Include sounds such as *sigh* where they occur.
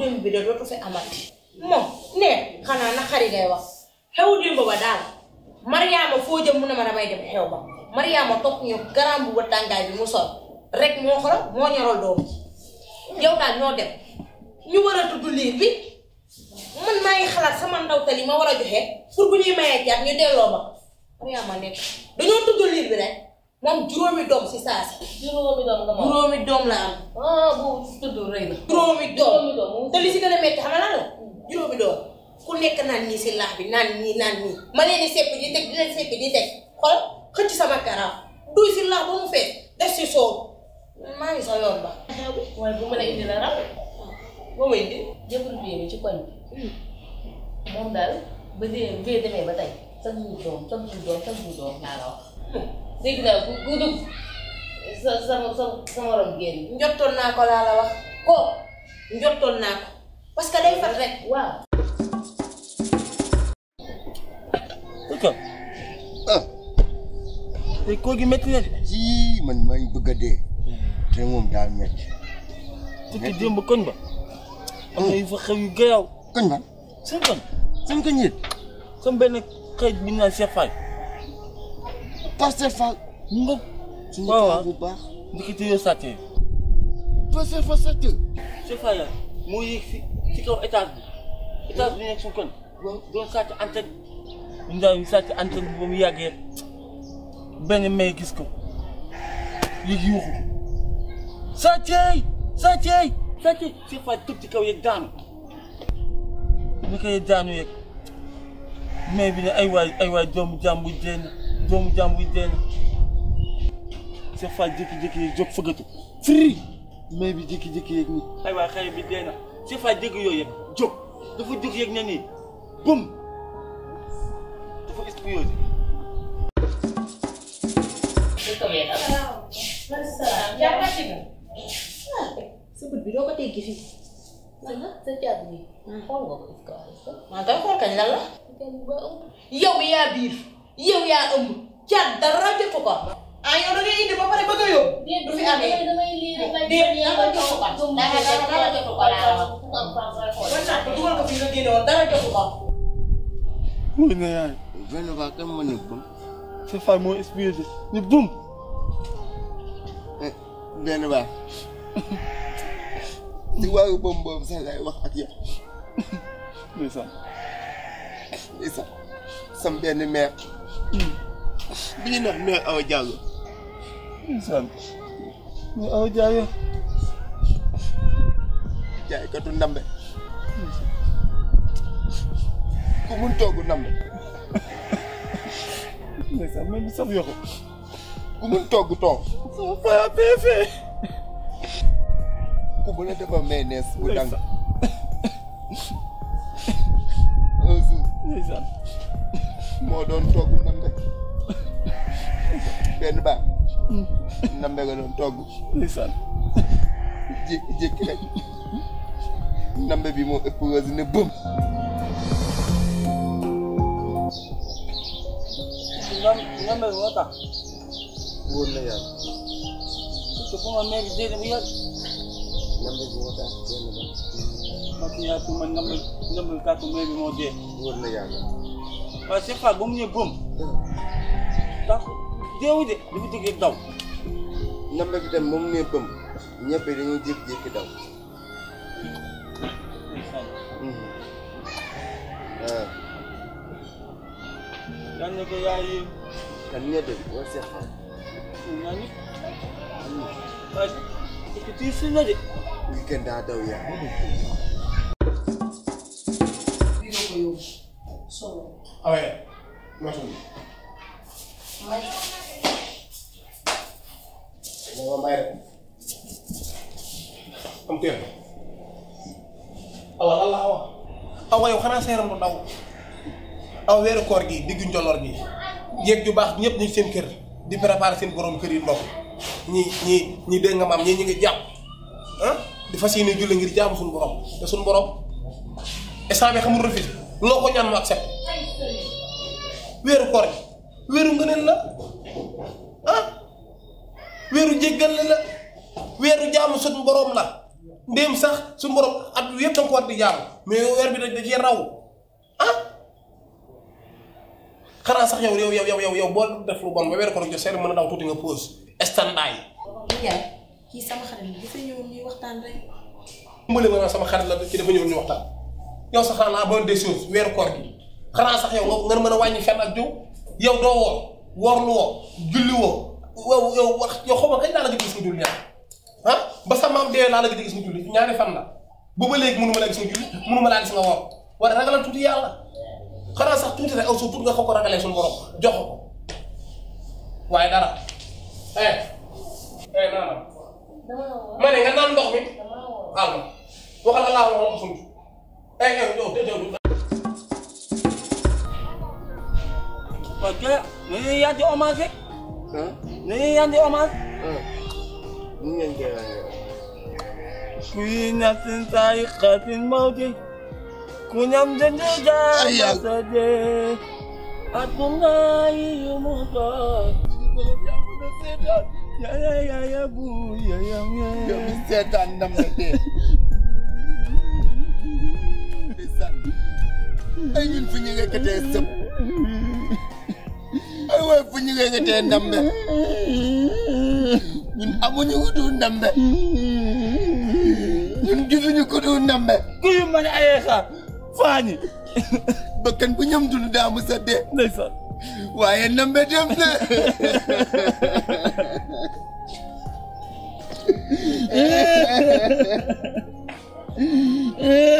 démb bi de dootu fi amati moom ne xanaa na xari ngay wax xew démb ba daal Mariama foo jëm mu ne ma damay dem xew ba Mariama toog ñu garam bu ba tàngaay bi mu sol rek moo xoro moo ñorol doom yow daal ñoo dem ñu war a tudd liir bi man maa ngi xalaat sama ndawtali ma war a joxe pour bu ñuy mayee jaar ñu delloo ma Mariama nekk dañoo tudd liir bi rek man juróomi doom si saa si. juróomi doom ma juróomi doom la am. ah bu tudd rëy na. juróomi doom te li si gën a métti xam nga lan la juróomi doom ku nekk naan nii si laax bi naan nii ma leen di sepp di teg di leen sepp di teg xool xëcc sama karaaf duy si laax ba mu fees def si soow maa ngi sa yoon ba. ma la indi la raw. boo ma indi. jëkkër bi mi ci koñ bi. Hmm. moom daal ba dee bee demee ba tey sa dugub doom sa dugub doom sa la wax. Hmm. dégg naa ku ku dugg sa sa sa sa morom génn. njottoon naa ko laa la wax ko njottoon naa ko parce day fat rek waaw. kooku ah. gi métti na de. man maa ngi dee. Hmm. te moom daal métti. tukki démb koñ ba. am na yu fa xew yu gëyaaw. koñ ba. seen koñ. seen koñ yéen. xëy bi ñu naan Cheikh Pasteur Fall mu nga. waaw waaw bu yoo sàccee. Pasteur Fall sàccee. Cheikh Fall moo yéeg si si kaw étage bi étage bi nekk suñu kon. waaw doon sàcc antenne. ñu daal ñu sàcc antenne bi ba mu yàggee benn may gis ko yéeg yuuxu sàccee sàccee sàccee Cheikh Fall tëb ci kaw yeeg daanu. ñu koy daanu yeeg may bi ne ay waay ay waay doomu jàmbur jënd. doomu jàmbur yi dee na Cheikh Fall jékki-jékki yeeg jóg fëggatu firi may bi jékki-jékki yeeg nii aywa xëy bi dee na Cheikh Fall yooyu yëpp jóg dafa jóg yeeg ne nii bum dafa explosé. sëbët nii. maa ngi xool kañ lan la. yow yaa biir yow yaa ëmb. caat dara jotu ko. ah yow da ngay indi ba pare bëgg a yóbbu. du fi amee déedéet dara jotu ko. dara jotu ko laa wax. kon nag bu dugal ko fi nga génne woon dara jotu ko. muy ne yaay. benn baa kenn mën nañu ko. c'est ça moo expliqué ni bum. Eh, benn baa. ci wàllu boobu boobu sax lay wax ak yow. ndeysaan. ndeysaan. sam benn meer. Hmm. bi ñu naan Mère Awa Diallo. incha Mère Awa Diallo. ndambe. ku mun toogu ndambe. incha allah man sax yokku. ku mun toogu toog. sama paa peefee. ku mun a defar mayonnaise bu dang. moo doon toog. não nga doon togg ndeysaan não não rek ndambe bi moo ëpp rose não não ndambe bi moo tax wóor na yàlla surtout bu ma mère não bu yàgg ndambe bi moo tax jéene ba maquillage não ndambe não kàttu mère bi moo dee wóor na yàlla waaye c'est pas ba mu ñëw bëm tax déewu de dafa dëgg daw sampai kita ne bëm ñëpp dañuy jékki daw kan ne ko yaay kan ne de wa se xam ñani ba ci ti sunna de weekend da daw ya so awe ma vamos a bayar am teel awa awa awa awa yow xanaa sa yaram lu ndaw aw weeru koor gi diggu njolor gi jeeg ju baax di préparer seen borom kër ni ni ñi ñi ñi dégg nga maam ah di fas ini julli ngir jam suñu borom te suñu borom instant bi xamul refus loo ko ñaan mu accepte weeru koor gi weeru wéeru jéggal la weeru jaamu suñu borom la ndem sax suñu borom at yépp da ko war di jaam mais weer bi nag da ci raw ah xanaa sax yow yow yow yow yow bo def lu bon ba weer ko rek jox mëna daw tuti nga pause standby. yaay kii sama xarit la dafa ñew ñuy waxtaan rek. mbële ma sama xarit la ci dafa ñew ñuy waxtaan yow sax xanaa bonne des choses weeru ko gi xanaa sax yow nga mën a fenn ak jiw yow do woor wor lu woo julli yow yow wax kañ laa la gëj gis julli ah ba sa maam dee laa la gëj gis julli ñaari fan la ba léegi mënu laa gis nga laa gis a ko ragalee suñu borom jox ko waaye dara. eh eh ne nga naan ndox mi àll waxal allah waxal suñu eh eh yow déedéet. parce que yéen yaa ngi ci hommage. Niyende Oman? Niyende Fi nefsin sayıkatin mavdi Kunyam cendirda Masade Atullahi yumuhta Ya ya ya ya bu ya ya ya Ya bir sedan namade Lisan Ay ñun fu ñu nga katee sëb Ay waay fu ñu nga ñun amuñu ku dul ñun gisuñu ku dul ndambe kuyu mën a ayee xaar faañi bakkan bu ñam daamu sa dee waaye ndambe dem na *laughs*